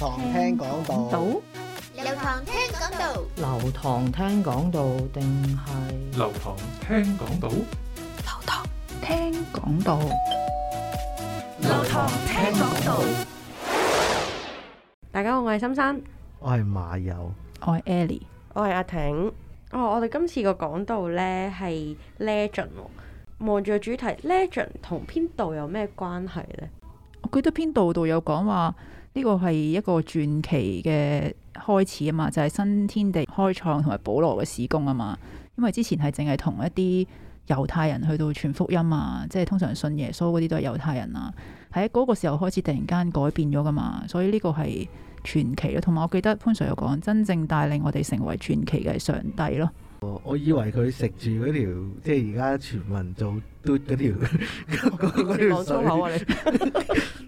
流堂聽講道，流堂聽講道，流堂聽講道，定係流堂聽講道，流堂聽講道，流堂聽講道。大家好，我係森生，我係馬友，我係 Ellie，我係阿婷。哦，我哋今次個講道咧係 Legend，望住個主題 Legend 同片頭有咩關係咧？我記得片頭度有講話。呢個係一個傳奇嘅開始啊嘛，就係、是、新天地開創同埋保羅嘅事工啊嘛。因為之前係淨係同一啲猶太人去到傳福音啊，即係通常信耶穌嗰啲都係猶太人啊。喺嗰個時候開始突然間改變咗㗎嘛，所以呢個係傳奇咯。同埋我記得潘 Sir 有講，真正帶領我哋成為傳奇嘅上帝咯。我以為佢食住嗰條，即係而家傳聞做嘟嗰條條粗口啊！你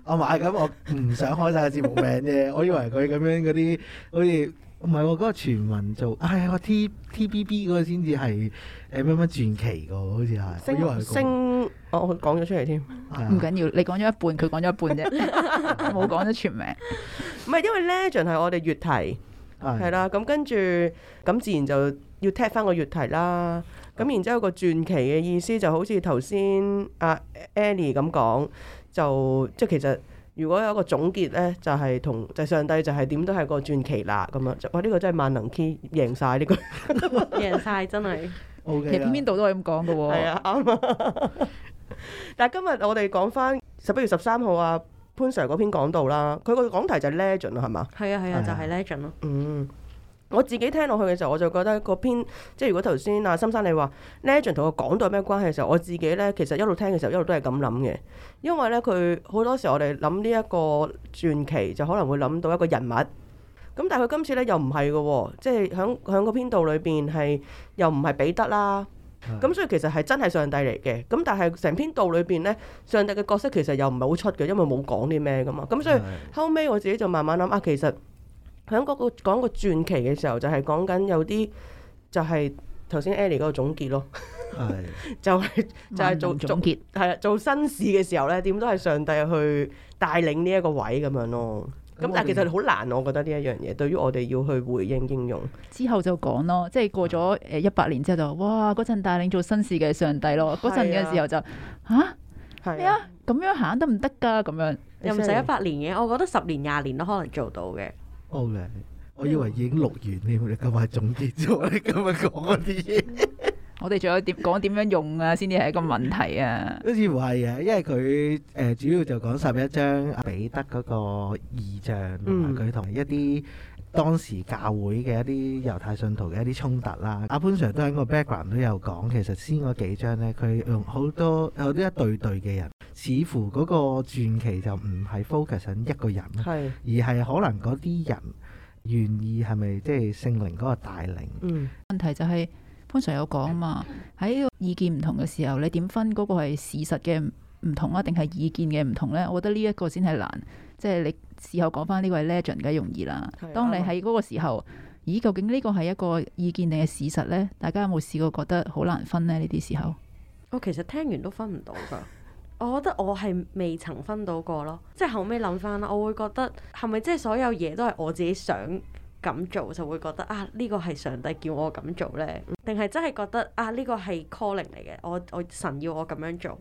我買緊，我唔想開晒節目名啫。我以為佢咁樣嗰啲，那個哎啊嗯嗯，好似唔係嗰個傳聞做，係啊 T T B B 嗰個先至係誒乜乜傳奇噶好似係。我以為星，那個、哦，講咗出嚟添，唔緊是、啊、要，要，你講咗一半，佢講咗一半啫，冇講咗全名。唔係因為 Legend 係我哋月題。係啦，咁跟住咁自然就要踢翻個月題啦。咁、哦、然之後個傳奇嘅意思就好似頭先阿 Annie 咁講，就即係其實如果有一個總結咧，就係、係、同就係、上帝就係點都係個傳奇啦。咁樣哇，呢、呢個真係萬能 key 贏晒呢個， 贏晒真係。OK，邊邊度都係咁講噶喎。係啊，啱。但係今日我哋講翻十一月十三號啊。潘 Sir 嗰篇講道啦，佢個講題就 legend 啦，係嘛、啊？係啊係啊，就係、是、legend 咯。嗯，我自己聽落去嘅時候，我就覺得嗰篇即係如果頭先啊森生你話 legend 同佢講道有咩關係嘅時候，我自己咧其實一路聽嘅時候一路都係咁諗嘅，因為咧佢好多時我哋諗呢一個傳奇就可能會諗到一個人物，咁但係佢今次咧又唔係嘅，即係響響嗰篇度裏邊係又唔係彼得啦。咁、嗯、所以其實係真係上帝嚟嘅，咁但係成篇道裏邊咧，上帝嘅角色其實又唔係好出嘅，因為冇講啲咩噶嘛。咁、嗯、所以後尾我自己就慢慢諗啊，其實喺嗰、那個講個傳奇嘅時候，就係、是、講緊有啲就係、是、頭先 Ellie 嗰個總結咯，的 就係、是、就係、是、做總結，係啦，做新事嘅時候咧，點都係上帝去帶領呢一個位咁樣咯。咁但係其實好難，我覺得呢一樣嘢，對於我哋要去回應應用之後就講咯，即係過咗誒一百年之後就，哇！嗰陣帶領做新事嘅上帝咯，嗰陣嘅時候就嚇咩啊？咁、啊啊、樣行得唔得㗎？咁樣又唔使一百年嘅，我覺得十年廿年都可能做到嘅。好嘅，我以為已經錄完添，你咁快總結咗，你咁快講嗰啲嘢。 我哋仲有點講點樣用啊，先至係一個問題啊。好似係啊，因為佢誒主要就講十一章彼得嗰個異象，同埋佢同一啲當時教會嘅一啲猶太信徒嘅一啲衝突啦。阿、啊、潘 Sir 都喺個 background 都有講，其實先嗰幾章咧，佢用好多有啲一對對嘅人，似乎嗰個傳奇就唔係 focus 緊一個人，是而係可能嗰啲人願意係咪即係聖靈嗰個帶領？嗯、問題就係、是。通常 i r 有講嘛？喺呢 意見唔同嘅時候，你點分嗰個係事實嘅唔同啊，定係意見嘅唔同呢？我覺得呢一個先係難，即係你事後講翻呢個係 legend，梗容易啦。 當你喺嗰個時候，咦？究竟呢個係一個意見定係事實呢？大家有冇試過覺得好難分呢？呢啲時候， 我其實聽完都分唔到㗎。我覺得我係未曾分到過咯。即係後尾諗翻我會覺得係咪即係所有嘢都係我自己想？咁做就會覺得啊呢個係上帝叫我咁做呢？定係真係覺得啊呢個係 calling 嚟嘅，我我神要我咁樣做，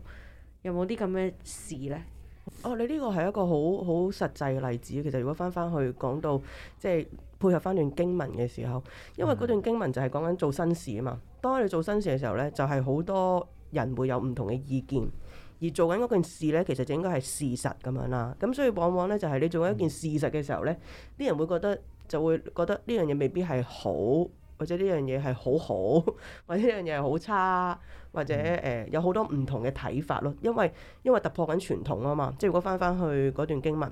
有冇啲咁嘅事呢？哦，你呢個係一個好好實際嘅例子。其實如果翻翻去講到即係、就是、配合翻段經文嘅時候，因為嗰段經文就係講緊做新事啊嘛。當你做新事嘅時候呢，就係、是、好多人會有唔同嘅意見。而做緊嗰件事咧，其實就應該係事實咁樣啦。咁所以往往咧，就係你做緊一件事實嘅時候咧，啲、嗯、人會覺得就會覺得呢樣嘢未必係好，或者呢樣嘢係好好，或者呢樣嘢係好差，或者誒、呃、有好多唔同嘅睇法咯。因為因為突破緊傳統啊嘛，即係如果翻翻去嗰段經文，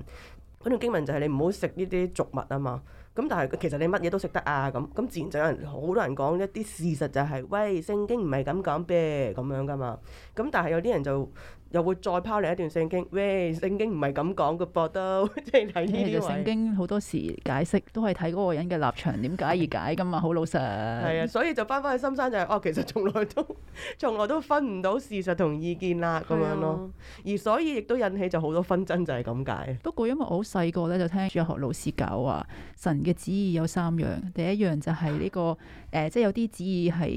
嗰段經文就係你唔好食呢啲俗物啊嘛。咁但係其實你乜嘢都食得啊咁，咁自然就有人好多人講一啲事實就係、是：喂，聖經唔係咁講嘅咁樣噶嘛。咁但係有啲人就，又會再拋嚟一段聖經，喂，聖經唔係咁講嘅噃。都即係睇呢啲聖經好多時解釋都係睇嗰個人嘅立場點解而解噶嘛，好老實。係啊，所以就翻返去深山就係、是、哦，其實從來都從來都分唔到事實同意見啦，咁的樣咯。而所以亦都引起就好多紛爭就，就係咁解。不過因為我好細個咧，就聽主學老師教話，神嘅旨意有三樣，第一樣就係呢、這個誒、 呃，即係有啲旨意係誒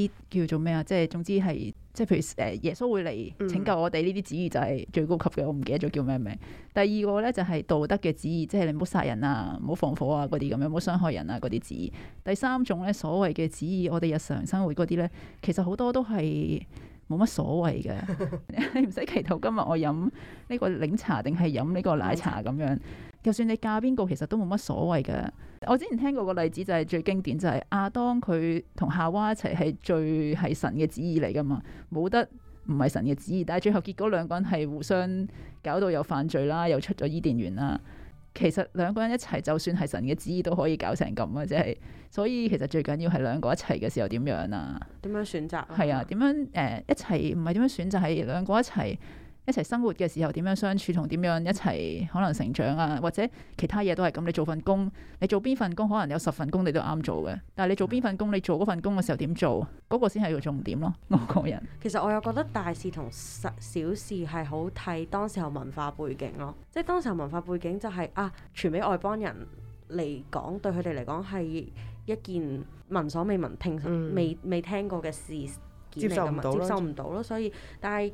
一啲叫做咩啊，即係總之係。即係譬如誒，耶穌會嚟拯救我哋呢啲旨意就係最高級嘅，我唔記得咗叫咩名。第二個咧就係道德嘅旨意，即係你唔好殺人啊，唔好放火啊，嗰啲咁樣，唔好傷害人啊嗰啲旨意。第三種咧所謂嘅旨意，我哋日常生活嗰啲咧，其實好多都係冇乜所謂嘅， 你唔使祈禱今，今日我飲呢個檸茶定係飲呢個奶茶咁樣。就算你嫁邊個，其實都冇乜所謂噶。我之前聽過個例子就係最經典，就係、是、亞當佢同夏娃一齊係最係神嘅旨意嚟噶嘛，冇得唔係神嘅旨意。但係最後結果兩個人係互相搞到又犯罪啦，又出咗伊甸園啦。其實兩個人一齊就算係神嘅旨意都可以搞成咁啊！即、就、係、是、所以其實最緊要係兩個一齊嘅時候點樣啊？點樣選擇啊？係啊，點樣誒、呃、一齊唔係點樣選擇係兩個一齊。一齊生活嘅時候點樣相處同點樣一齊可能成長啊，或者其他嘢都係咁。你做份工，你做邊份工，可能有十份工你都啱做嘅。但係你做邊份工，你做嗰份工嘅時候點做，嗰、嗰個先係要重點咯。我個人其實我又覺得大事同小小事係好睇當時候文化背景咯。即係當時候文化背景就係、係、啊，傳俾外邦人嚟講，對佢哋嚟講係一件聞所未聞、聽、嗯、未未聽過嘅事。嗯、接受唔到，接受唔到咯。所以，但係。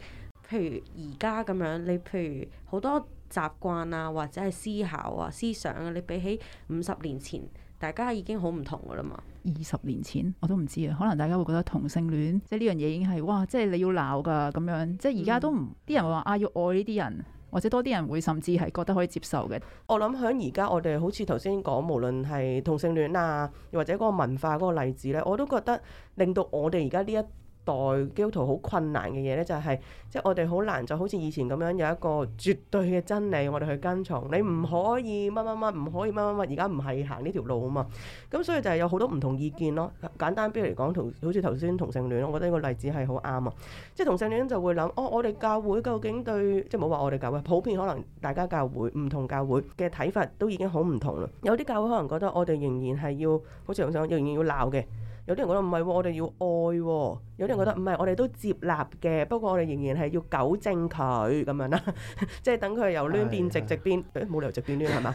譬如而家咁樣，你譬如好多習慣啊，或者係思考啊、思想啊，你比起五十年前，大家已經好唔同噶啦嘛。二十年前我都唔知啊，可能大家會覺得同性戀即係呢樣嘢已經係哇，即係你要鬧噶咁樣。即係而家都唔啲、嗯、人話啊，要愛呢啲人，或者多啲人會甚至係覺得可以接受嘅。我諗喺而家，我哋好似頭先講，無論係同性戀啊，或者嗰個文化嗰個例子咧，我都覺得令到我哋而家呢一代基督徒好困難嘅嘢呢，就係即係我哋好難就好似以前咁樣有一個絕對嘅真理，我哋去跟從。你唔可以乜乜乜，唔可以乜乜乜。而家唔係行呢條路啊嘛，咁所以就係有好多唔同意見咯。簡單，比如嚟講同，好似頭先同性戀，我覺得呢個例子係好啱啊。即係同性戀就會諗，哦，我哋教會究竟對，即係冇話我哋教會普遍，可能大家教會唔同教會嘅睇法都已經好唔同啦。有啲教會可能覺得我哋仍然係要，好似我想仍然要鬧嘅。有啲人覺得唔係喎，我哋要愛喎、哦；有啲人覺得唔係，我哋都接納嘅，不過我哋仍然係要糾正佢咁樣啦， 即係等佢由攣變直，直變冇、哎呀哎、理由直變攣係嘛？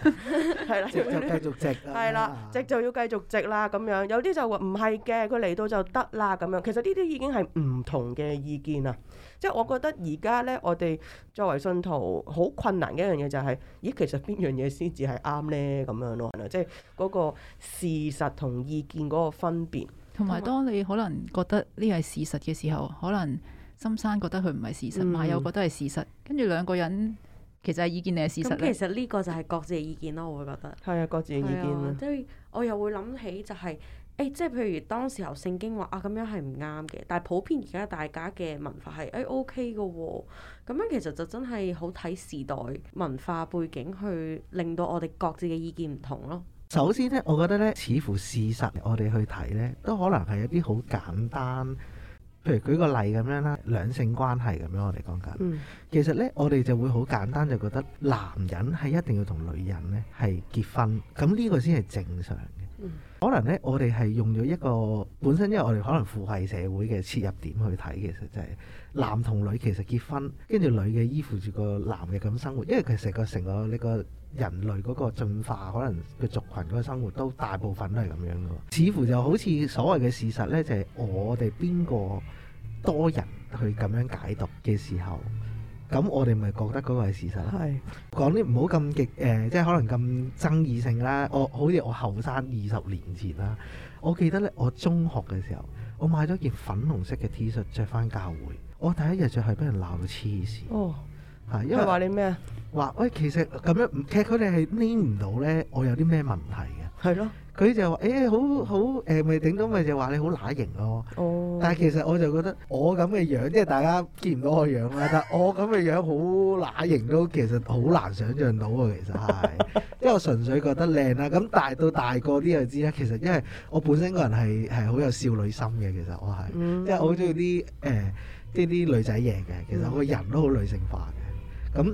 係啦 吧， 直就繼續直啦。係啦、啊，直就要繼續直啦咁樣。有啲就話唔係嘅，佢嚟到就得啦咁樣。其實呢啲已經係唔同嘅意見啦！即係我覺得而家咧，我哋作為信徒好困難嘅一樣嘢就係、是，咦，其實邊樣嘢先至係啱咧咁樣咯？係咪？即係嗰、那個事實同意見嗰個分別。同埋，當你可能覺得呢係事實嘅時候，可能深山覺得佢唔係事實，馬、嗯、友覺得係事實，跟住兩個人其實係意見定係事實？嗯、其實呢個就係各自嘅意見咯，我會覺得。係啊，各自嘅意見啊。即係我又會諗起就係、是，誒、欸，即係譬如當時候聖經話啊，咁樣係唔啱嘅，但係普遍而家大家嘅文化係誒、欸、OK 嘅喎。咁樣其實就真係好睇時代文化背景去令到我哋各自嘅意見唔同咯。首先咧，我覺得咧，似乎事實我哋去睇咧，都可能係一啲好簡單。譬如舉個例咁樣啦，兩性關係咁樣，我哋講緊，嗯、其實咧，我哋就會好簡單，就覺得男人係一定要同女人咧係結婚，咁呢個先係正常嘅。嗯可能呢，我哋係用咗一個本身，因為我哋可能父系社會嘅切入點去睇，其實就係男同女其實結婚，跟住女嘅依附住個男嘅咁生活。因為佢成個成個呢個人類嗰個進化，可能個族群嗰個生活都大部分都係咁樣嘅。似乎就好似所謂嘅事實呢，就係我哋邊個多人去咁樣解讀嘅時候。咁我哋咪覺得嗰個係事實。係講啲唔好咁極誒，即係可能咁爭議性啦。我好似我後生二十年前啦，我記得咧，我中學嘅時候，我買咗件粉紅色嘅 T 恤着翻教會，我第一日著係俾人鬧到黐線。哦，係因為話你咩？話喂，其實咁樣，其實佢哋係 link 唔到咧，我有啲咩問題嘅？係咯。佢就話，誒、欸，好好誒，咪、呃、頂到咪就話你好乸型咯。哦。Oh. 但係其實我就覺得我咁嘅樣，樣，即係大家見唔到我樣啦。 但我咁嘅樣好乸型都其實好難想像到啊。其實係，因為我純粹覺得靚啦、啊。咁大到大個啲就知啦。其實因為我本身個人係係好有少女心嘅。其實我係、mm. 呃，即係我好中意啲即啲啲女仔嘢嘅。其實我個人都好女性化嘅。咁。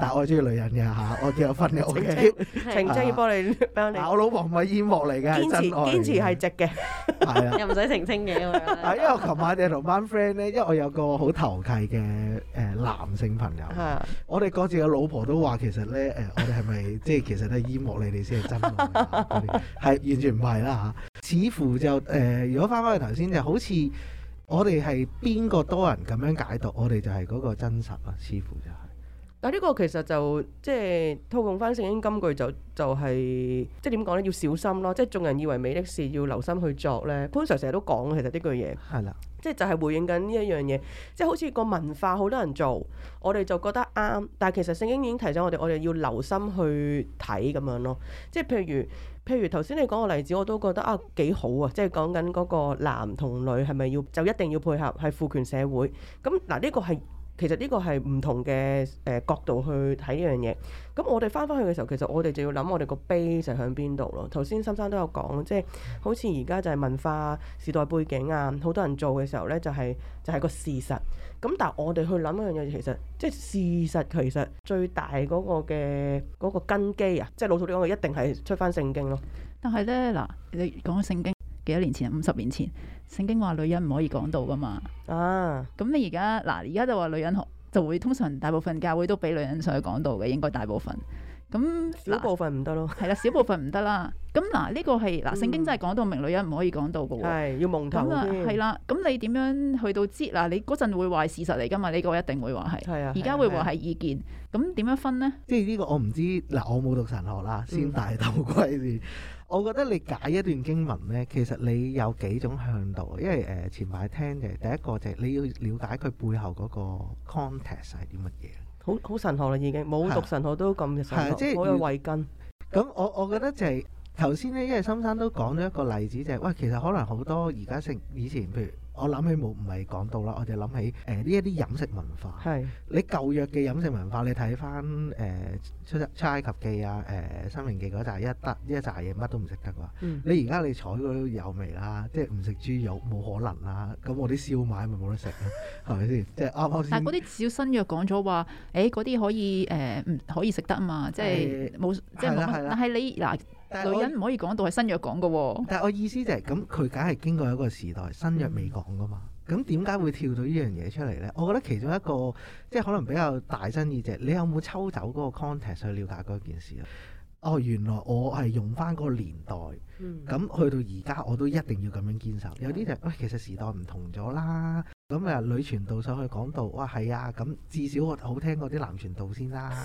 但我中意女人嘅嚇，我結咗婚嘅，O.K. 澄清緒，要清吧，幫你我老婆唔係煙幕嚟嘅，堅持真愛，堅持係直嘅，係 啊，又唔使澄清嘢。 因為我琴晚咧同班 friend 咧，因為我有個好投契嘅誒男性朋友，啊、我哋各自嘅老婆都話其實咧誒，我哋係咪即係其實都係煙幕，你哋先係真愛？係 完全唔係啦嚇，似乎就誒、呃，如果翻翻去頭先就好似我哋係邊個多人咁樣解讀，我哋就係嗰個真實啊，似乎就係但呢個其實就即係套用翻聖經金句就，就就係、係即係點講咧？要小心咯，即係眾人以為美的事，要留心去作咧。潘 Sir 成日都講其實呢句嘢，係啦的，即係就係回應緊呢一樣嘢，即係好似個文化好多人做，我哋就覺得啱，但係其實聖經已經提醒我哋，我哋要留心去睇咁樣咯。即係譬如譬如頭先你講個例子，我都覺得啊幾好啊，即係講緊嗰個男同女係咪要就一定要配合係父權社會？咁嗱呢個係。其實呢個係唔同嘅誒、呃、角度去睇呢樣嘢，咁我哋翻翻去嘅時候，其實我哋就要諗我哋個 basis 喺邊度咯。頭先森生都有講，即係好似而家就係文化時代背景啊，好多人做嘅時候呢，就係就係個事實。咁但係我哋去諗一樣嘢，其實即係事實，其實最大嗰個嘅嗰個根基啊，即係老土啲講，一定係出翻聖經咯。但係呢，嗱，你講聖經。幾多年前，五十年前，聖經話女人唔可以講道噶嘛。啊，咁你而家嗱，而家就話女人學就會通常大部分教會都俾女人上去講道嘅，應該大部分。咁少部分唔得咯，係啦，少部分唔得啦。咁嗱，呢個係嗱，聖經真係講道明女人唔可以講道噶，係要蒙頭。咁啊，係啦。咁你點樣去到知嗱？你嗰陣會話事實嚟噶嘛？呢個一定會話係。係啊。而家會話係意見。咁點樣分呢？即係呢個我唔知，嗱，我冇讀神學啦，先大頭龜我覺得你解一段經文呢，其實你有幾種向度，因為誒、呃、前排聽嘅第一個就係你要了解佢背後嗰個 context 係啲乜嘢，好好神學啦已經，冇讀神學都咁嘅，即係、我有慧根。咁、呃、我我覺得就係頭先呢。因為深生都講咗一個例子，就係、是、喂，其實可能好多而家性以前譬如。我諗起冇唔係講到啦，我就諗起誒呢一啲飲食文化。係是你舊約嘅飲食文化，你睇翻誒《出、呃、埃及記》啊，呃《誒申命記》嗰扎一得一扎嘢乜都唔食得㗎，你而家你採嗰都有味啦，即係唔食豬肉冇可能啦、啊。咁我啲燒賣咪冇得食咯，係咪先？即係啱啱但係嗰啲小新約講咗話，誒嗰啲可以誒唔、呃、可以食得啊嘛？即係冇即係，但係你嗱。女人唔可以講到係新約講嘅喎，但係我意思就係、是、咁，佢梗係經過一個時代，新約未講嘅嘛，咁點解會跳到呢樣嘢出嚟呢？我覺得其中一個即係可能比較大爭議即、就、係、是、你有冇抽走嗰個 context 去了解嗰件事啊？哦，原來我係用翻嗰個年代，咁、嗯、去到而家我都一定要咁樣堅守。有啲就喂、是哎，其實時代唔同咗啦。咁啊，女傳道上去講道，哇、呃，係、呃、啊，咁、呃、至少我好聽過啲男傳道先啦。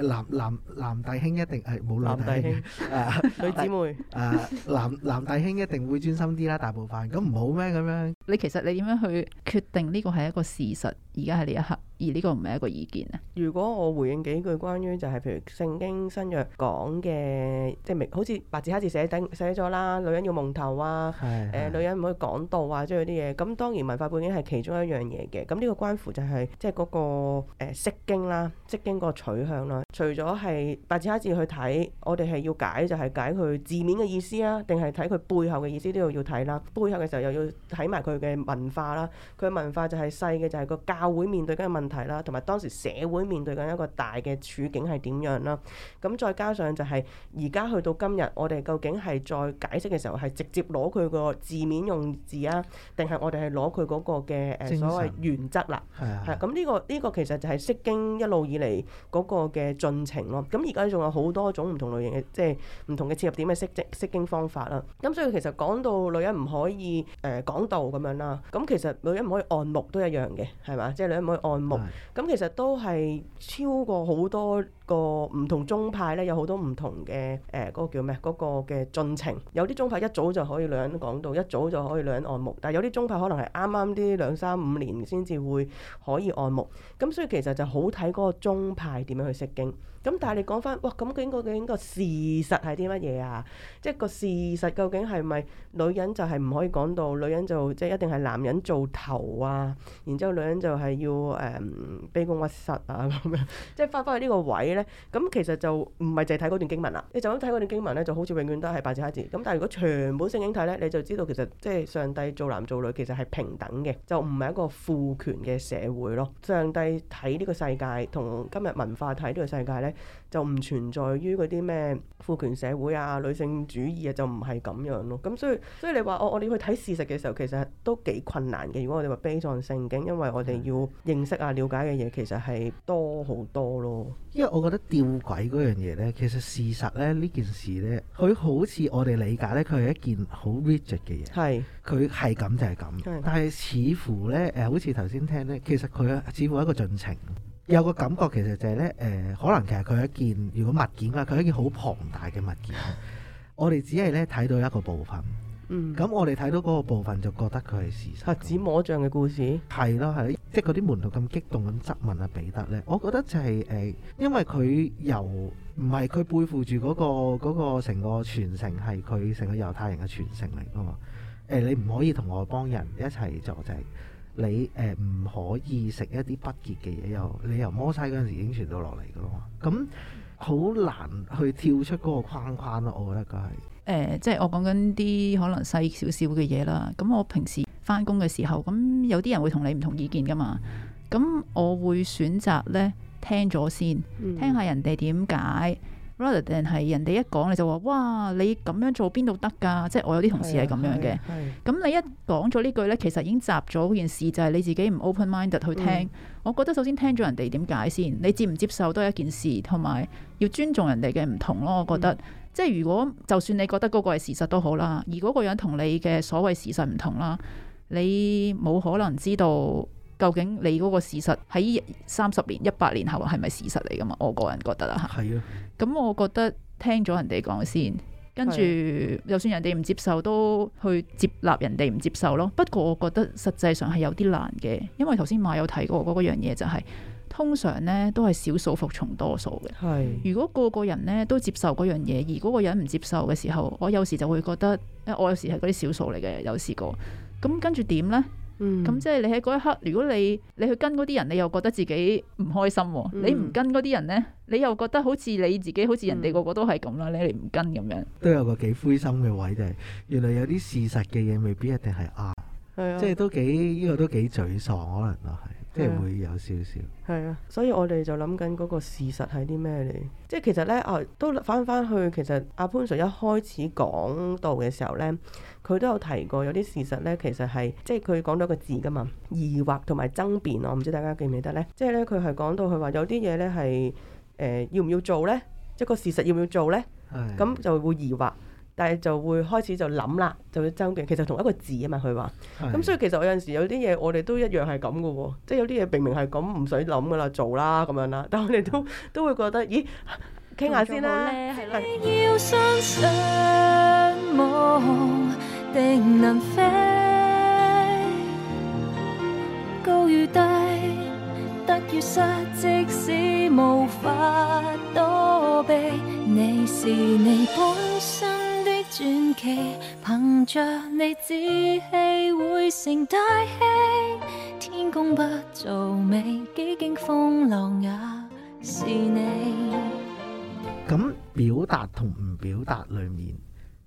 男男男弟兄一定誒、冇、哎、女弟兄啊，女姊妹啊，男男弟兄一定會專心啲啦，大部分咁唔好咩咁樣？你其實你點樣去決定呢個係一個事實？而家係呢一刻。而呢個唔係一個意見啊！如果我回應幾句關於就係譬如聖經新約講嘅，即係好似白紙黑字寫定咗啦，女人要蒙頭啊，誒係嘅、呃、女人唔可以講道啊，即係嗰啲嘢。咁當然文化背景係其中一樣嘢嘅。咁呢個關乎就係即係嗰個誒釋經啦，釋經個取向啦。除咗係白紙黑字去睇，我哋係要解就係解佢字面嘅意思啊，定係睇佢背後嘅意思都要要睇啦。背後嘅時候又要睇埋佢嘅文化啦。佢嘅文化就係細嘅，就係個教會面對緊嘅問題。睇啦，同埋當時社會面對緊一個大嘅處境係點樣啦。咁再加上就係而家去到今日，我哋究竟係再解釋嘅時候係直接攞佢個字面用字啊，定係我哋係攞佢嗰個嘅誒所謂原則啦。係係。咁呢個呢個其實就係釋經一路以嚟嗰個嘅進程咯。咁而家仲有好多種唔同類型嘅即係唔同嘅切入點嘅釋釋經方法啦。咁所以其實講到女人唔可以誒講道咁樣啦，咁其實女人唔可以按牧都一樣嘅，係嘛？即係女人唔可以按牧。咁其實都係超過好多個唔同宗派咧，有好多唔同嘅誒嗰個叫咩？嗰、那個嘅進程，有啲宗派一早就可以女人講道，一早就可以女人按牧，但係有啲宗派可能係啱啱啲兩三五年先至會可以按牧。咁所以其實就好睇嗰個宗派點樣去釋經。咁但係你講翻，哇！咁究竟究竟個事實係啲乜嘢啊？即係個事實究竟係咪女人就係唔可以講到，女人就係、即係一定係男人做頭啊？然之後女人就係要誒、嗯、卑躬屈膝啊咁樣， 即係翻返去呢個位咧。咁其實就唔係淨係睇嗰段經文啦。你就咁睇嗰段經文咧，就好似永遠都係白紙黑字。咁但係如果全本聖經睇咧，你就知道其實即係上帝做男做女其實係平等嘅，就唔係一個父權嘅社會咯。上帝睇呢個世界同今日文化睇呢個世界咧。就唔存在於嗰啲咩父權社會啊、女性主義啊，就唔係咁樣咯。咁所以，所以你話、哦、我我哋去睇事實嘅時候，其實都幾困難嘅。如果我哋話悲壯聖經，因為我哋要認識啊、了解嘅嘢，其實係多好多咯。因為我覺得吊詭嗰樣嘢呢，其實事實呢呢件事呢，佢好似我哋理解呢，佢係一件好 rigid 嘅嘢。係是，佢係咁就係咁。是但係似乎呢，誒好似頭先聽呢，其實佢似乎係一個進程。有個感覺其實就係咧，誒，可能其實佢係一件，如果物件啦，佢係一件好龐大嘅物件， 我哋只係咧睇到一個部分。嗯，咁我哋睇到嗰個部分就覺得佢係事實。嚇，指摸象嘅故事？係咯，係，即係嗰啲門徒咁激動咁質問阿彼得呢。我覺得就係誒，因為佢由唔係佢背負住嗰個嗰個成個傳承係佢成個猶太人嘅傳承嚟啊嘛。誒，你唔可以同外邦人一齊坐席。你誒唔、呃、可以食一啲不潔嘅嘢，又、嗯、你由摩西嗰陣時已經傳到落嚟嘅咯，咁好難去跳出嗰個框框咯、啊，我覺得佢係誒，即係我講緊啲可能細少少嘅嘢啦。咁我平時返工嘅時候，咁有啲人會同你唔同意見噶嘛，咁我會選擇呢聽咗先，聽下人哋點解。嗯定係人哋一講你就話，哇，你咁樣做邊度得㗎？即係我有啲同事係咁樣嘅。咁你一講咗呢句呢，其實已經集咗件事，就係、是、你自己唔 open mind 去聽。嗯、我覺得首先聽咗人哋點解先，你接唔接受都係一件事，同埋要尊重人哋嘅唔同咯。我覺得、嗯、即係如果就算你覺得嗰個係事實都好啦，而嗰個人同你嘅所謂事實唔同啦，你冇可能知道。究竟你嗰個事實喺三十年、一百年後係咪事實嚟㗎嘛？我個人覺得啊，咁的、嗯、我覺得聽咗人哋講先，跟住的就算人哋唔接受，都去接納人哋唔接受咯。不過我覺得實際上係有啲難嘅，因為頭先馬有提過嗰、那個樣嘢、就是，就係通常呢都係少數服從多數嘅。的如果個個人呢都接受嗰樣嘢，而嗰個人唔接受嘅時候，我有時就會覺得，因為我有時係嗰啲少數嚟嘅，有試過。咁跟住點呢？咁、嗯、即係你喺嗰一刻，如果你你去跟嗰啲人，你又覺得自己唔開心、啊；嗯、你唔跟嗰啲人呢，你又覺得好似你自己好似人哋個個都係咁啦，你嚟唔跟咁樣，都有個幾灰心嘅位就係。原來有啲事實嘅嘢未必一定係啱，啊即係都幾呢、呢個都幾沮喪，可能都係即係會有少少。係啊，啊，所以我哋就諗緊嗰個事實係啲咩嚟？即、就、係、係、其實呢，啊、都翻翻去，其實阿潘 sir 一開始講到嘅時候呢。佢都有提過，有啲事實咧，其實係即係佢講到一個字噶嘛，疑惑同埋爭辯。我唔知大家記唔記得咧？即係咧，佢係講到佢話有啲嘢咧係誒要唔要做咧，即係個事實要唔要做咧，咁是的 就會疑惑，但係就會開始就諗啦，就會爭辯。其實同一個字啊嘛，佢話咁，是的 所以其實有陣時有啲嘢我哋都一樣係咁噶喎，即係有啲嘢明明係咁唔使諗噶啦，做啦咁樣啦，但係我哋都都會覺得，咦？傾、啊、下先啦，相信係。的 定能飛，高與低，得與失，即使無法躲避。你是你本身的傳奇，憑着你志氣會成大器。天公不造美，幾經風浪也是你。咁表達同唔表達裏面，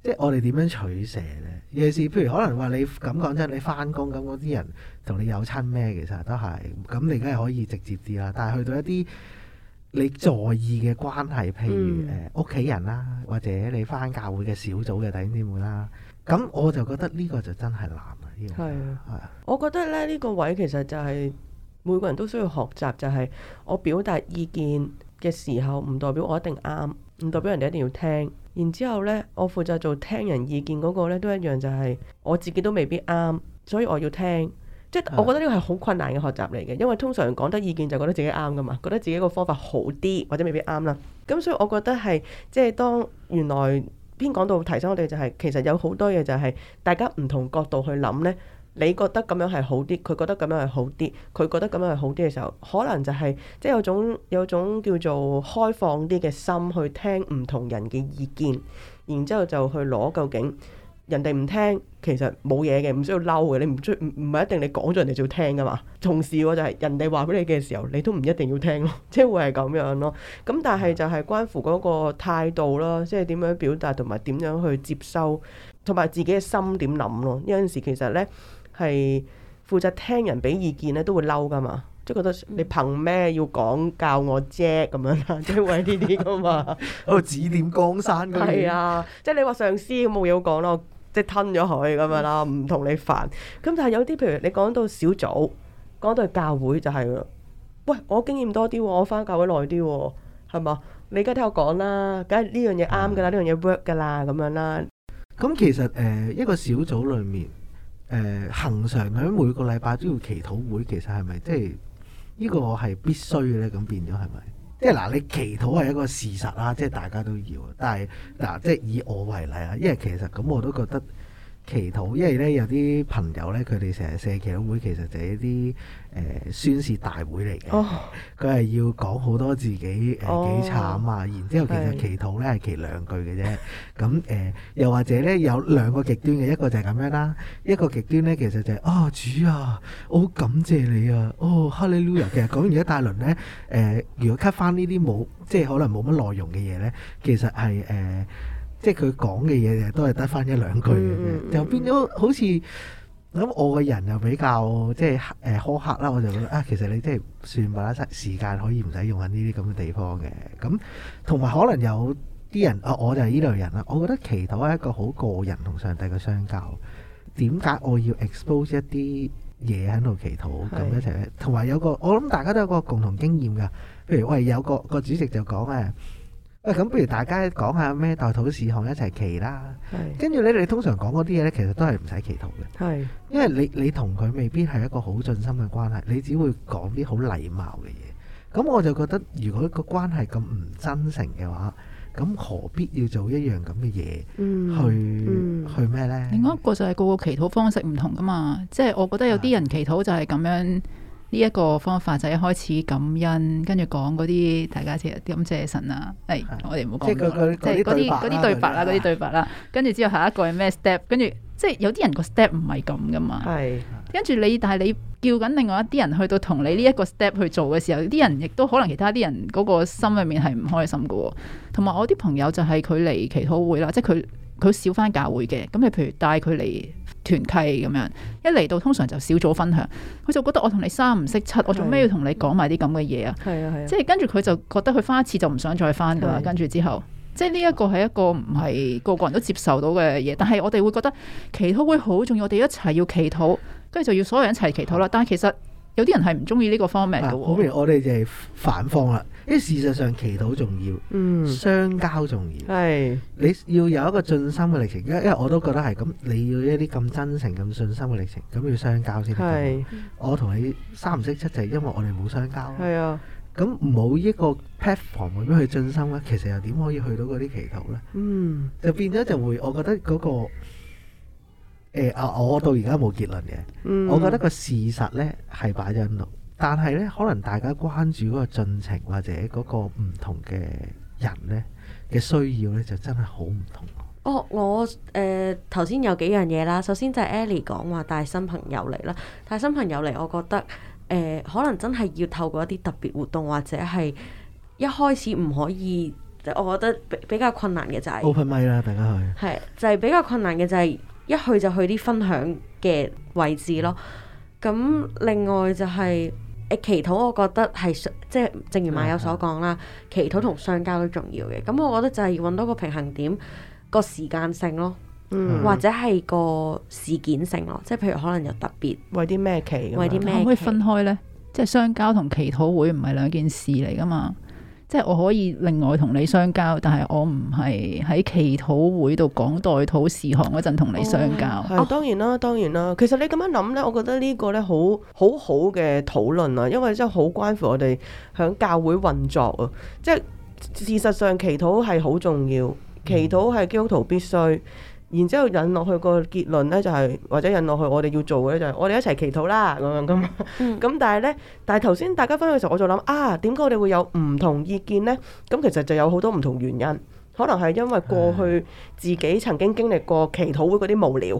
即係我哋點樣取捨呢？尤其係，譬如可能話你咁講真，你翻工咁嗰啲人同你有親咩？其實都係，咁你梗係可以直接啲啦。但係去到一啲你在意嘅關係，譬如誒屋企人啦，嗯、或者你翻教會嘅小組嘅弟兄姊妹啦，咁我就覺得呢個就真係難啊！呢、呢個係啊，的的我覺得咧呢、呢個位其實就係每個人都需要學習，就係、是、我表達意見嘅時候，唔代表我一定啱，唔代表人哋一定要聽。然之後呢，我負責做聽人意見嗰個呢，都一樣就係、是、我自己都未必啱，所以我要聽。即係我覺得呢個係好困難嘅學習嚟嘅，因為通常講得意見就覺得自己啱㗎嘛，覺得自己個方法好啲或者未必啱啦。咁所以我覺得係即係當原來邊講到提升我哋、就是，就係其實有好多嘢就係大家唔同角度去諗呢。你覺得咁樣係好啲，佢覺得咁樣係好啲，佢覺得咁樣係好啲嘅時候，可能就係、是、即係有種有種叫做開放啲嘅心去聽唔同人嘅意見，然之後就去攞究竟人哋唔聽其實冇嘢嘅，唔需要嬲嘅，你唔出唔唔係一定你講咗人哋就要聽噶嘛，同時就係人哋話俾你嘅時候，你都唔一定要聽咯，是是咯，即係會係咁樣咯。咁但係就係關乎嗰個態度啦，即係點樣表達同埋點樣去接收，同埋自己嘅心點諗咯。有陣時其實咧。係負責聽人俾意見咧，都會嬲噶嘛，即係覺得你憑咩要講教我啫咁樣，即係為呢啲噶嘛，喺度 指點江山嗰啲。係啊，即係你話上司冇嘢好講咯，即係吞咗佢咁樣啦，唔同你煩。咁但係有啲譬如你講到小組，講到教會就係、是，喂，我經驗多啲，我翻教會耐啲，係嘛？你而家聽我講啦，梗係呢樣嘢啱噶啦，呢樣嘢 work 噶啦，咁樣啦。咁其實誒、呃，一個小組裏面。誒，恒常響每個禮拜都要祈禱會，其實係咪即係呢個係必須嘅咧？咁變咗係咪？即係嗱，你祈禱係一個事實啦，即係大家都要。但係嗱，即係以我為例啊，因為其實咁我都覺得。祈禱，因為咧有啲朋友咧，佢哋成日寫祈禱會，其實就係一啲誒、呃、宣洩大會嚟嘅。哦，佢係要講好多自己誒幾、呃、慘啊，然之後其實祈禱咧係祈兩句嘅啫。咁誒、 呃，又或者咧有兩個極端嘅，一個就係咁樣啦，一個極端咧其實就係、是、啊、哦、主啊，我好感謝你啊，哦哈利路亞。其實講完一大輪咧，誒、呃、如果 cut 翻呢啲冇，即係可能冇乜內容嘅嘢咧，其實係誒。呃即係佢講嘅嘢，都係得翻一兩句，嗯嗯嗯嗯就變咗好似咁。我個人又比較即係誒苛刻啦，我就覺得啊，其實你即係算把啦，時間可以唔使用喺呢啲咁嘅地方嘅。咁同埋可能有啲人啊，我就係呢類人啦。我覺得祈禱係一個好個人同上帝嘅相交。點解我要 expose 一啲嘢喺度祈禱？咁的一齊，同埋有，有個我諗，大家都有個共同經驗㗎。譬如我係有個個主席就講誒。啊咁、哎、不如大家講下咩代禱事項一齊祈啦。跟住咧，你通常講嗰啲嘢咧，其實都係唔使祈禱嘅。係是，因為你你同佢未必係一個好盡心嘅關係，你只會講啲好禮貌嘅嘢。咁我就覺得，如果個關係咁唔真誠嘅話，咁何必要做一樣咁嘅嘢去、嗯嗯、去咩呢？另一個就係個個祈禱方式唔同噶嘛，即係我覺得有啲人祈禱就係咁樣。嗯嗯呢一個方法就係一開始感恩，跟住講嗰啲大家其實感謝神啊，係、哎、的我哋冇講咁多。即係嗰啲啲對白啦，嗰啲、啊、對白啦，跟住之後下一個係咩 step，跟住即係有啲人個 step 唔係咁噶嘛。係的跟住你，但係你叫緊另外一啲人去到同你呢一個 step 去做嘅時候，啲人亦都可能其他啲人嗰個心裏面係唔開心嘅、哦。同埋我啲朋友就係佢嚟祈禱會啦，即係佢。佢少翻教會嘅，咁你譬如帶佢嚟團契咁樣，一嚟到通常就小組分享，佢就覺得我同你三唔識七，的我做咩要同你講埋啲咁嘅嘢啊？係啊係啊，即係跟住佢就覺得佢翻一次就唔想再翻㗎啦，的跟住之後，即係呢一個係一個唔係個個人都接受到嘅嘢，但係我哋會覺得祈禱會好重要，我哋一齊要祈禱，跟住就要所有人一齊祈禱啦，的但係其實。有啲人係唔中意呢個方面，哦，好明我哋就係反方啦。因為事實上祈禱重要，嗯，相交重要，係是你要有一個進心嘅歷程，因因為我都覺得係咁，你要一啲咁真誠、咁信心嘅歷程，咁要相交先得。係是我同你三唔識七，就係因為我哋冇相交。係啊，咁冇一個 platform，點去進心咧？其實又點可以去到嗰啲祈禱咧？嗯，就變咗就會，我覺得嗰、那個。誒、欸，啊，我到而家冇結論嘅，嗯、我覺得個事實咧係擺咗喺度，但係咧可能大家關注嗰個進程或者嗰個唔同嘅人咧嘅需要咧，就真係好唔同哦，我誒頭先有幾樣嘢啦，首先就係 Ellie 講話帶新朋友嚟啦，帶新朋友嚟，我覺得誒、呃、可能真係要透過一啲特別活動或者係一開始唔可以，我覺得比較、就是、比較困難嘅就係 open mic 啦，大家去係就係比較困難嘅就係。一去就去啲分享嘅位置咯，咁另外就係、是、誒、呃、祈禱，我覺得係即係，正如馬友所講啦，嗯、祈禱同相交都重要嘅，咁我覺得就係要搵到個平衡點，個時間性咯，嗯、或者係個事件性咯，即係譬如可能有特別為啲咩祈，為啲咩可唔可以分開呢？即係相交同祈禱會唔係兩件事嚟噶嘛？即係我可以另外同你相交，但係我唔係喺祈禱會度講代禱事項嗰陣同你相交。哦，當然啦，當然啦。其實你咁樣諗呢，我覺得呢個呢，好好好嘅討論啊，因為真係好關乎我哋響教會運作啊。即係事實上，祈禱係好重要，祈禱係基督徒必須。然之後引落去個結論咧，就是，就係或者引落去我哋要做嘅咧，就係我哋一齊祈禱啦，咁樣咁。咁但係咧，但係頭先大家分享嘅時候，我就諗啊，點解我哋會有唔同意見咧？咁、嗯、其實就有好多唔同原因，可能係因為過去自己曾經經歷過祈禱會嗰啲無聊。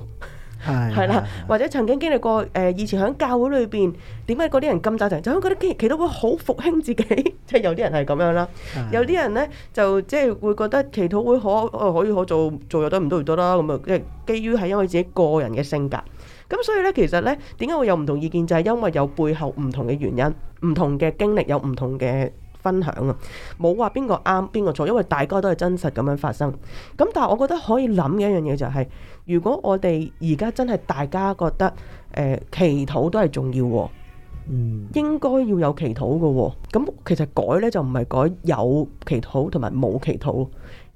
係，係啦，或者曾經經歷過誒、呃，以前喺教會裏邊點解嗰啲人咁咒停，就覺得祈禱會好復興自己，即 係有啲人係咁樣啦，是的 有啲人咧就即係會覺得祈禱會可可以可，可，可做做又得唔多唔得啦，咁啊即係基於係因為自己個人嘅性格，咁所以咧其實咧點解會有唔同意見，就係、是、因為有背後唔同嘅原因、唔同嘅經歷、有唔同嘅。分享啊，冇話，邊個啱邊個錯，因為大家都係真實咁樣發生。咁但係我覺得可以諗嘅一樣嘢就係、是，如果我哋而家真係大家覺得、呃、祈禱都係重要，嗯，應該要有祈禱嘅。咁、嗯、其實改呢，就唔係改有祈禱同埋冇祈禱，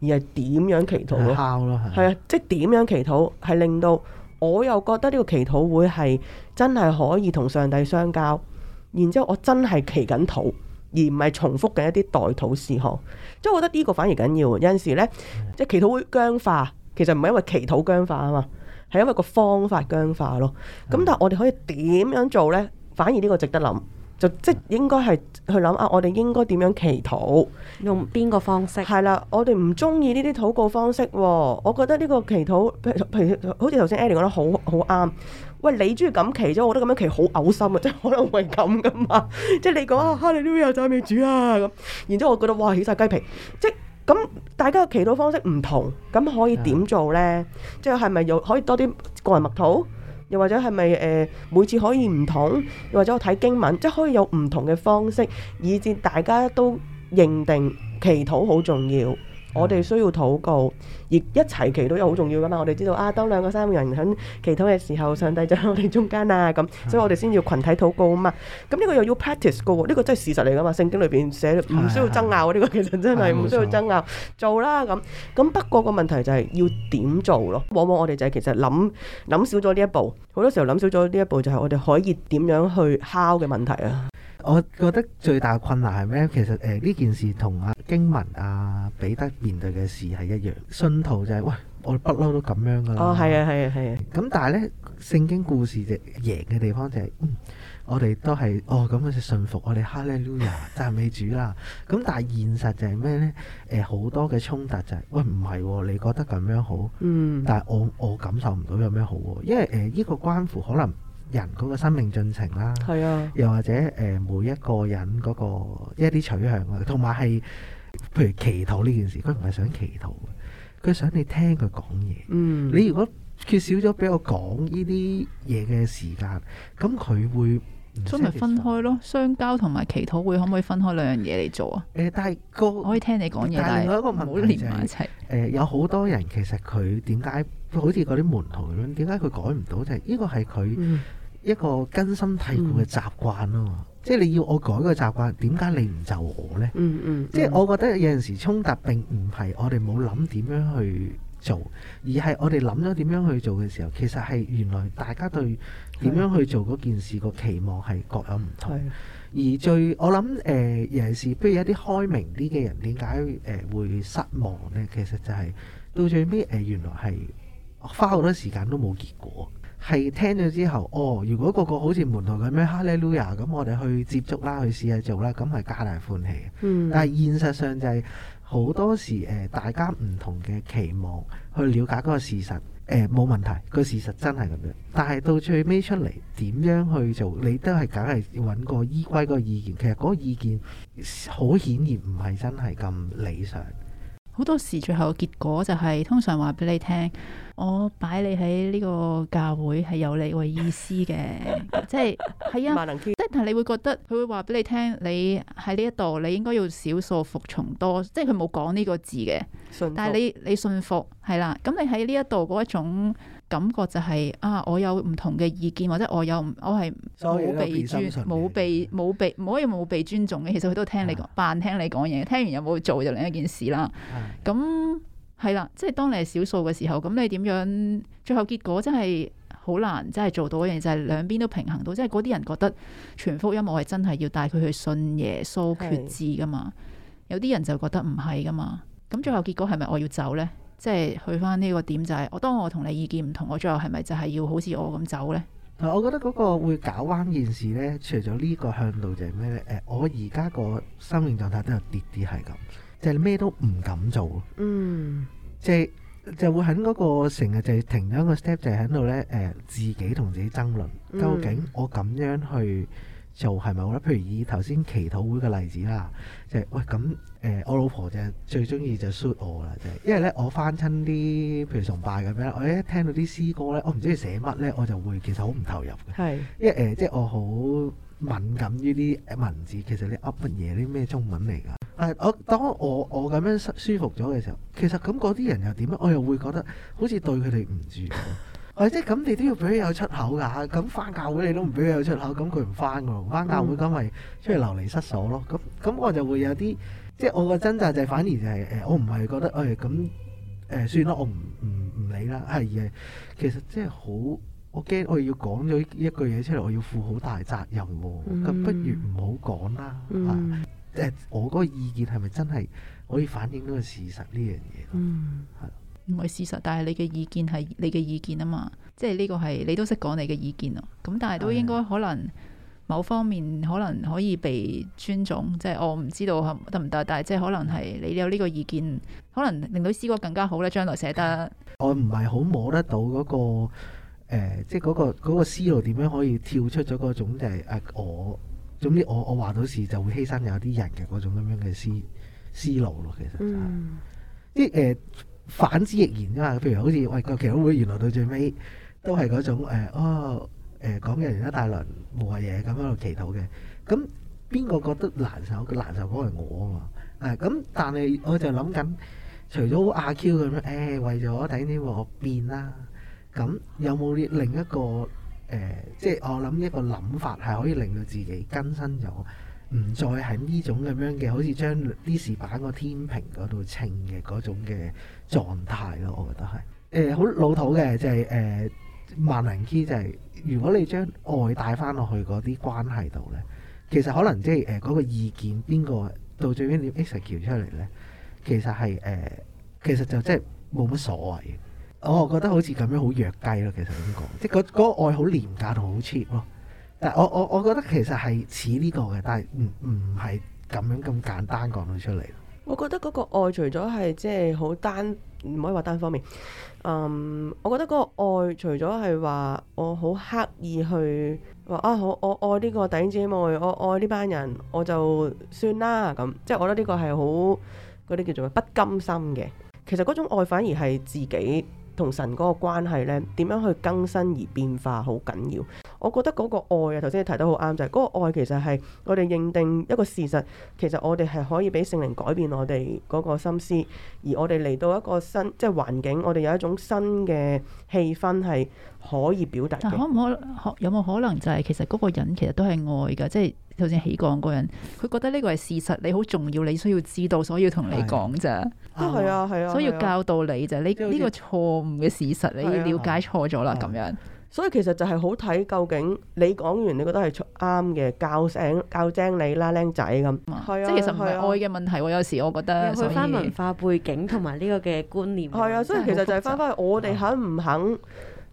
而係點樣祈禱。係啊，即係點樣祈禱，係令到我又覺得呢個祈禱會係真係可以同上帝相交。然之後我真係祈緊禱。而唔係重複嘅一啲代禱事項，即係我覺得呢個反而緊要。有陣時呢，即係祈禱會僵化，其實唔係因為祈禱僵化啊嘛，係因為個方法僵化咯。咁但係我哋可以點樣做呢？反而呢個值得諗。就即應該係去諗下、啊、我哋應該點樣祈禱？用邊個方式？係啦， 我哋唔中意呢啲禱告方式。我覺得呢個祈禱，譬如，譬如好似頭先 Ellie 講得好好啱。喂，你中意咁祈咗，我覺得咁樣祈好嘔心啊！即可能會咁噶嘛。即你講啊，哈利路亞讚美主啊咁，然之後我覺得哇起晒雞皮。即咁大家嘅祈禱方式唔同，咁可以點做咧？嗯、即係咪又可以多啲個人默禱？又或者係咪誒每次可以唔同？又或者我睇經文，即係可以有唔同嘅方式，以至大家都認定祈禱好重要。 我哋需要禱告，亦一齊祈禱又好重要噶嘛？我哋知道啊，當兩個、三個人喺祈禱嘅時候，上帝就喺我哋中間啊，咁所以我哋先要群體禱告啊嘛。咁呢個又要 practice 㗎喎，呢個真係事實嚟噶嘛？聖經裏邊寫唔需要爭拗，呢個其實真係唔需要爭拗，做啦咁。咁不過個問題就係要點做咯？往往我哋就係其實諗諗少咗呢一步，好多時候諗少咗呢一步就係我哋可以點樣去敲嘅問題啊。我覺得最大嘅困難係咩？其實誒呢、呃、件事同阿、啊、經文阿、啊、彼得面對嘅事係一樣，信徒就係、是、喂，我不嬲都咁樣㗎啦。哦，係啊，係啊，係啊。咁但係咧，聖經故事就贏嘅地方就係、是嗯，我哋都係哦咁就信服我， 我哋哈利路亞讚美主啦。咁 但係現實就係咩咧？誒、呃、好多嘅衝突就係、是、喂唔係喎，你覺得咁樣好，嗯，但係我我感受唔到有咩好喎，因為誒呢、呃呃這個關乎可能。人嗰個生命進程啦，又或者誒每一個人嗰個一啲取向啊，同埋係譬如祈禱呢件事，佢唔係想祈禱，佢想你聽佢講嘢。嗯，你如果缺少咗俾我講呢啲嘢嘅時間，咁佢會，所咪分開咯，相交同埋祈禱會可唔可以分開兩樣嘢嚟做啊？誒，但係個可以聽你講嘢，但係另一個唔好連埋一齊。誒，有好多人其實佢點解？佢好似嗰啲門徒咁樣，點解佢改唔到？就係、是、呢個係佢一個根深蒂固嘅習慣咯、啊。嗯、即係你要我改個習慣，點解你唔就我呢？嗯嗯。嗯即係我覺得有陣時衝突並唔係我哋冇諗點樣去做，而係我哋諗咗點樣去做嘅時候，其實係原來大家對點樣去做嗰件事個期望係各有唔同。而最我諗誒，尤其係，譬如有啲開明啲嘅人，點解誒會失望呢？其實就係、是、到最尾誒、呃，原來係。花好多時間都冇結果，係聽咗之後，哦，如果個個好似門徒咁樣哈利路亞咁，我哋去接觸啦，去試下做啦，咁係加大歡喜。Mm hmm. 但係現實上就係、是、好多時誒，大家唔同嘅期望去了解嗰個事實誒，冇、呃、問題，個事實真係咁樣。但係到最尾出嚟點樣去做，你都係梗係揾個依歸個意見。其實嗰個意見好顯然唔係真係咁理想。好多時最後嘅結果就係、是，通常話俾你聽，我擺你喺呢個教會係有你嘅意思嘅。 即係係啊，即係但係你會覺得佢會話俾你聽，你喺呢一度你應該要少數服從多，即係佢冇講呢個字嘅，福但係你你信服係啦，咁、啊、你喺呢一度嗰一種。感覺就係、是、啊，我有唔同嘅意見，或者我有我係冇被尊，冇被冇被，唔可以冇被尊重嘅。其實佢都聽你講，扮、啊、聽你講嘢，聽完有冇做就另一件事啦。咁係啦，即係當你係少數嘅時候，咁你點樣最後結果真係好難，真係做到嘅嘢就係、是、兩邊都平衡到，即係嗰啲人覺得全福音我係真係要帶佢去信耶穌決志噶嘛，的有啲人就覺得唔係噶嘛，咁最後結果係咪我要走咧？即係去翻呢個點就係，我當我同你意見唔同，我最後係咪就係要好似我咁走呢？我覺得嗰個會搞彎件事呢，除咗呢個向度就係咩呢？誒，我而家個生命狀態都有啲啲，係咁，就咩、是、都唔敢做。嗯，即係就，就會喺嗰、那個成日就係停咗一個 step，就喺度呢，誒、呃，自己同自己爭論，究竟我咁樣去。就係咪我咧？譬如以頭先祈禱會嘅例子啦，即、就、係、是、喂咁誒、呃，我老婆就最中意就 shout 我啦，即、就、係、是、因為咧我翻親啲譬如崇拜咁樣，我一聽到啲詩歌咧，我唔知佢寫乜咧，我就會其實好唔投入嘅。係是，因為誒即係我好敏感於啲文字，其實你噏乜嘢啲咩中文嚟㗎？係我當我我咁樣舒服咗嘅時候，其實咁嗰啲人又點咧？我又會覺得好似對佢哋唔住。 係、嗯、即係咁，你都要俾佢有出口㗎。咁翻教會你都唔俾佢有出口，咁佢唔翻㗎咯。翻教會咁咪出去流離失所咯。咁咁我就會有啲即係我個掙扎就反而就係、係、誒、呃，我唔係覺得誒咁誒算啦，我唔唔唔理啦。係誒，其實即係好，我驚我要講咗一句嘢出嚟，我要負好大責任喎、啊。咁不如唔好講啦嚇。誒、啊嗯呃，我嗰個意見係咪真係可以反映到個事實呢樣嘢？嗯。係。唔係事實，但係你嘅意見係你嘅意見啊嘛，即係呢個係你都識講你嘅意見咯。咁但係都應該可能某方面可能可以被尊重，即係我唔知道得唔得，但係即係可能係你有呢個意見，可能令到思哥更加好咧，將來寫得。我唔係好摸得到嗰、那個誒、呃，即係嗰、那個嗰、那個那個思路點樣可以跳出咗嗰種就係、是、誒、呃、我，總之我我話到事就會犧牲有啲人嘅嗰種咁樣嘅思思路咯，其實、就是，嗯、即誒。呃反之亦然啊嘛，譬如好似喂個祈禱會，原來到最尾都係嗰種誒、哎、哦誒、哎、講人一大輪冇謂嘢咁喺度祈禱嘅，咁邊個覺得難受？個難受嗰係我啊嘛，啊咁但係我就諗緊，除咗阿 Q 咁樣，誒、哎、為咗睇呢個變啦、啊，咁有冇另一個誒、呃、即係我諗一個諗法係可以令到自己更新咗？唔再係呢種咁樣嘅，好似將啲瓷板個天平嗰度稱嘅嗰種嘅狀態咯，我覺得係誒好老土嘅就係、是、誒、呃、萬能 key、就是，就係如果你將愛帶翻落去嗰啲關係度咧，其實可能即係誒嗰個意見邊個到最尾你 escalate 出嚟咧，其實係誒、呃、其實就即係冇乜所謂，我覺得好似咁樣好弱雞咯，其實咁講，即係嗰嗰個愛好廉價同好 cheap 咯。但我我我覺得其實係似呢個嘅，但係唔唔係咁樣咁簡單講到出嚟。我覺得嗰個愛除咗係即係好單，唔可以話單方面。嗯，我覺得嗰個愛除咗係話我好刻意去話啊，我我愛呢個弟兄姊妹愛，我愛呢班人，我就算啦咁。即係我覺得呢個係好嗰啲叫做不甘心嘅。其實嗰種愛反而係自己。同神嗰個關係咧，點樣去更新而變化好緊要。我覺得嗰個愛啊，頭先你提得好啱，就係嗰個愛，就是，個愛其實係我哋認定一個事實，其實我哋係可以俾聖靈改變我哋嗰個心思，而我哋嚟到一個新即係環境，我哋有一種新嘅氣氛係可以表達。但可唔可可有冇可能就係、是，其實嗰個人其實都係愛嘅，即係。頭先起講嗰人，佢覺得呢個係事實，你好重要，你需要知道，所以要同你講咋？的啊，係啊的，係啊，所以要教導你咋？呢呢個錯誤嘅事實，你了解錯咗啦，咁的樣。所以其實就係好睇究竟你講完，你覺得係啱嘅，教醒教精你啦，僆仔咁。係啊，即係其實唔係愛嘅問題喎，有時我覺得。入去翻文化背景同埋呢個嘅觀念。係啊，所以其實就係翻翻我哋肯唔肯，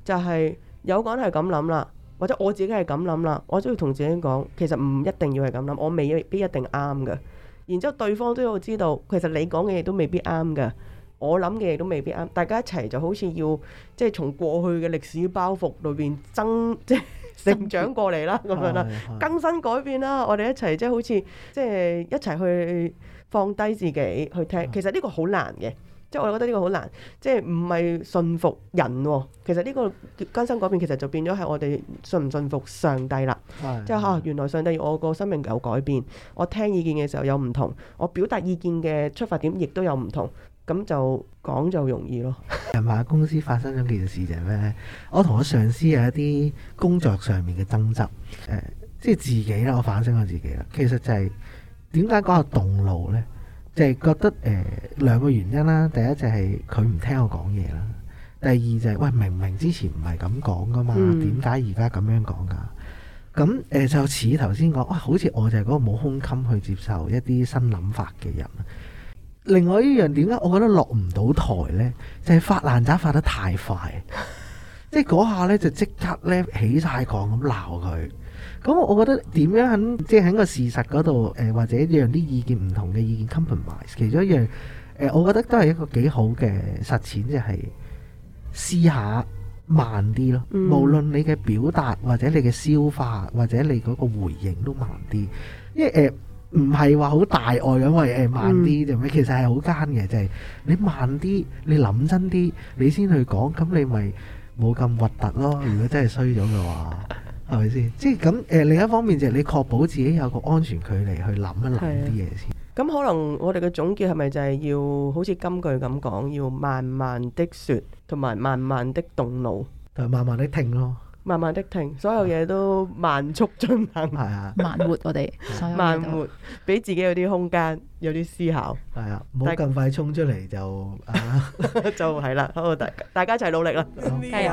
就係有個人係咁諗啦。或者我自己係咁諗啦，我都要同自己講，其實唔一定要係咁諗，我未必一定啱㗎。然之後對方都要知道，其實你講嘅嘢,都未必啱㗎，我諗嘅嘢都未必啱。大家一齊就好似要即係從過去嘅歷史包袱裏邊增即係成長過嚟啦，咁樣啦，更新改變啦。 我哋一齊即係好似即係一齊去放低自己去聽，其實呢個好難嘅。即係我覺得呢個好難，即係唔係信服人喎、哦。其實呢個更新改變，其實就變咗係我哋信唔信服上帝啦。是的 即係啊，原來上帝，我個生命有改變，我聽意見嘅時候有唔同，我表達意見嘅出發點亦都有唔同，咁就講就容易咯。近排公司發生咗件事就係咩咧？我同我上司有一啲工作上面嘅爭執。誒、呃，即係自己啦，我反省我自己啦。其實就係點解講話動怒咧？就係覺得誒、呃、兩個原因啦，第一就係佢唔聽我講嘢啦，第二就係、是、喂明明之前唔係咁講㗎嘛，點解而家咁樣講㗎？咁誒就似頭先講，哇、哎、好似我就係嗰個冇胸襟去接受一啲新諗法嘅人。另外一樣點解我覺得落唔到台呢？就係、是、發爛渣發得太快，即係嗰下呢，就即刻呢起晒鋼咁鬧佢。咁我覺得點樣肯，即係喺個事實嗰度誒，或者讓啲意見唔同嘅意見 compromise，hmm. 其中一樣誒、呃，我覺得都係一個幾好嘅實踐，就係、是、試下慢啲咯。Mm hmm. 無論你嘅表達，或者你嘅消化，或者你嗰個回應都慢啲，因為誒唔係話好大愛咁，因為誒慢啲啫咩？Mm hmm. 其實係好奸嘅，就係、是、你慢啲，你諗真啲，你先去講，咁你咪冇咁核突咯。如果真係衰咗嘅話。 係咪先？即係咁誒，另一方面就係你確保自己有個安全距離去諗一諗啲嘢先。咁可能我哋嘅總結係咪就係要好似金句咁講，要慢慢的説，同埋慢慢的動腦，同埋慢慢的停咯。慢慢的停，所有嘢都慢速進行。係啊，慢活我哋，慢活，俾自己有啲空間，有啲思考。係啊，唔好咁快衝出嚟就就係啦。好，大大家一齊努力啦，加油！